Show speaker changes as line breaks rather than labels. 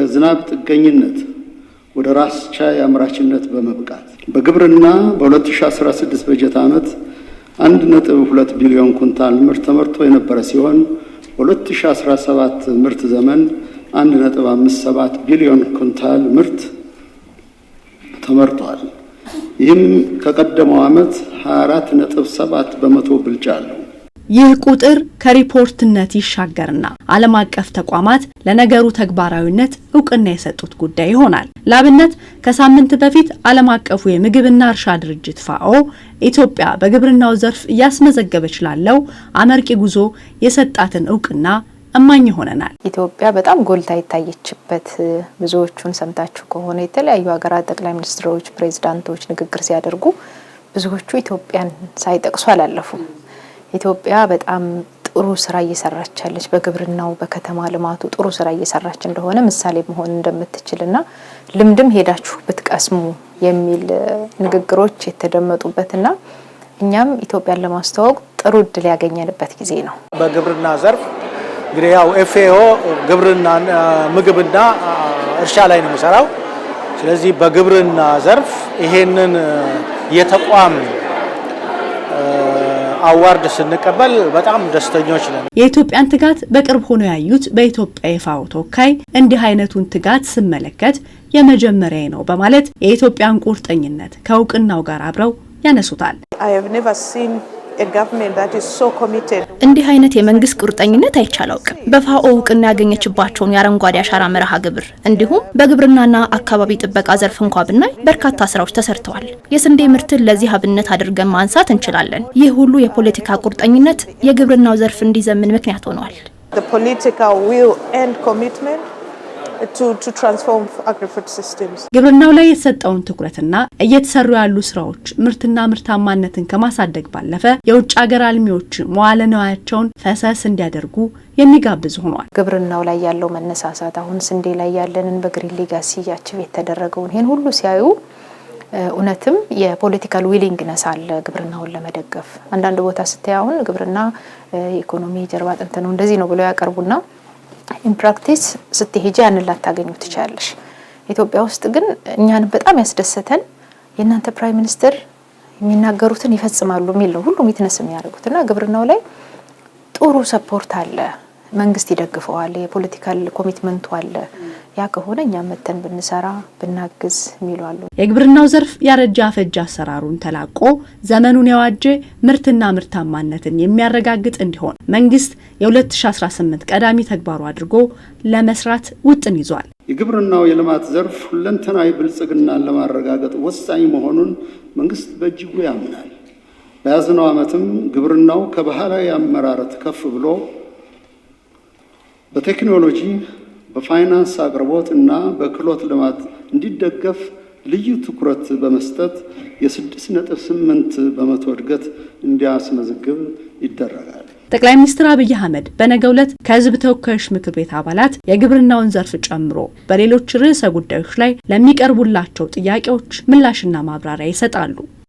ከዝናብ ጥገኝነት ወደ ራስ ቻይ አምራችነት በመብቃት በግብርና በ2016 በጀት ዓመት 1.2 ቢሊዮን ኩንታል ምርት ተመርቶ የነበረ ሲሆን በ2017 ምርት ዘመን 1.57 ቢሊዮን ኩንታል ምርት ተመርቷል። ይህም ከቀደመው ዓመት 24.7 በመቶ ብልጫ አለው።
ይህ ቁጥር ከሪፖርትነት ይሻገርና ዓለም አቀፍ ተቋማት ለነገሩ ተግባራዊነት እውቅና የሰጡት ጉዳይ ይሆናል። ላብነት ከሳምንት በፊት ዓለም አቀፉ የምግብና እርሻ ድርጅት ፋኦ ኢትዮጵያ በግብርናው ዘርፍ እያስመዘገበች ላለው አመርቂ ጉዞ የሰጣትን እውቅና እማኝ ይሆነናል።
ኢትዮጵያ በጣም ጎልታ የታየችበት ብዙዎቹን ሰምታችሁ ከሆነ የተለያዩ ሀገራት ጠቅላይ ሚኒስትሮች፣ ፕሬዚዳንቶች ንግግር ሲያደርጉ ብዙዎቹ ኢትዮጵያን ሳይጠቅሱ አላለፉም። ኢትዮጵያ በጣም ጥሩ ስራ እየሰራች ያለች በግብርናው በከተማ ልማቱ ጥሩ ስራ እየሰራች እንደሆነ ምሳሌ መሆን እንደምትችልና ልምድም ሄዳችሁ ብትቀስሙ የሚል ንግግሮች የተደመጡበትና እኛም ኢትዮጵያን ለማስተዋወቅ ጥሩ እድል ያገኘንበት ጊዜ ነው።
በግብርና ዘርፍ እንግዲህ ያው ኤፍኤኦ ግብርና ምግብና እርሻ ላይ ነው የሚሰራው ስለዚህ በግብርና ዘርፍ ይሄንን የተቋም አዋርድ ስንቀበል በጣም ደስተኞች ነን።
የኢትዮጵያን ትጋት በቅርብ ሆኖ ያዩት በኢትዮጵያ የፋኦ ተወካይ እንዲህ አይነቱን ትጋት ስመለከት የመጀመሪያ ነው በማለት የኢትዮጵያን ቁርጠኝነት ከእውቅናው ጋር አብረው ያነሱታል። እንዲህ አይነት የመንግስት ቁርጠኝነት አይቼ አላውቅም። በፋኦ እውቅና ያገኘችባቸውን የአረንጓዴ አሻራ መርሃ ግብር እንዲሁም በግብርናና አካባቢ ጥበቃ ዘርፍ እንኳ ብናይ በርካታ ስራዎች ተሰርተዋል። የስንዴ ምርትን ለዚህ አብነት አድርገን ማንሳት እንችላለን። ይህ ሁሉ የፖለቲካ ቁርጠኝነት የግብርናው ዘርፍ እንዲዘምን ምክንያት ሆነዋል። ግብርናው ላይ የተሰጠውን ትኩረትና እየተሰሩ ያሉ ስራዎች ምርትና ምርታማነትን ከማሳደግ ባለፈ የውጭ ሀገር አልሚዎች መዋለ ንዋያቸውን ፈሰስ እንዲያደርጉ የሚጋብዝ ሆኗል።
ግብርናው ላይ ያለው መነሳሳት አሁን ስንዴ ላይ ያለንን በግሪን ሌጋሲ ያችብ የተደረገውን ይህን ሁሉ ሲያዩ እውነትም የፖለቲካል ዊሊንግነስ አለ ግብርናውን ለመደገፍ። አንዳንድ ቦታ ስታይ አሁን ግብርና የኢኮኖሚ ጀርባ አጥንት ነው እንደዚህ ነው ብለው ያቀርቡና ኢንፕራክቲስ ስትሄጂ ያንን ላታገኙ ትችላለሽ። ኢትዮጵያ ውስጥ ግን እኛን በጣም ያስደሰተን የእናንተ ፕራይም ሚኒስትር የሚናገሩትን ይፈጽማሉ የሚል ነው። ሁሉም ዊትነስ የሚያደርጉት እና ግብርናው ላይ ጥሩ ሰፖርት አለ። መንግስት ይደግፈዋል። የፖለቲካል ኮሚትመንቱ አለ። ያ ከሆነ እኛ መተን ብንሰራ ብናግዝ የሚሉ አሉ።
የግብርናው ዘርፍ ያረጀ አፈጀ አሰራሩን ተላቆ ዘመኑን የዋጀ ምርትና ምርታማነትን የሚያረጋግጥ እንዲሆን መንግስት የ2018 ቀዳሚ ተግባሩ አድርጎ ለመስራት ውጥን ይዟል።
የግብርናው የልማት ዘርፍ ሁለንተናዊ ብልጽግናን ለማረጋገጥ ወሳኝ መሆኑን መንግስት በእጅጉ ያምናል። በያዝነው ዓመትም ግብርናው ከባህላዊ አመራረት ከፍ ብሎ በቴክኖሎጂ በፋይናንስ አቅርቦት እና በክህሎት ልማት እንዲደገፍ ልዩ ትኩረት በመስጠት የ6.8 በመቶ እድገት እንዲያስመዘግብ ይደረጋል።
ጠቅላይ ሚኒስትር አብይ አህመድ በነገው ዕለት ከህዝብ ተወካዮች ምክር ቤት አባላት የግብርናውን ዘርፍ ጨምሮ በሌሎች ርዕሰ ጉዳዮች ላይ ለሚቀርቡላቸው ጥያቄዎች ምላሽና ማብራሪያ ይሰጣሉ።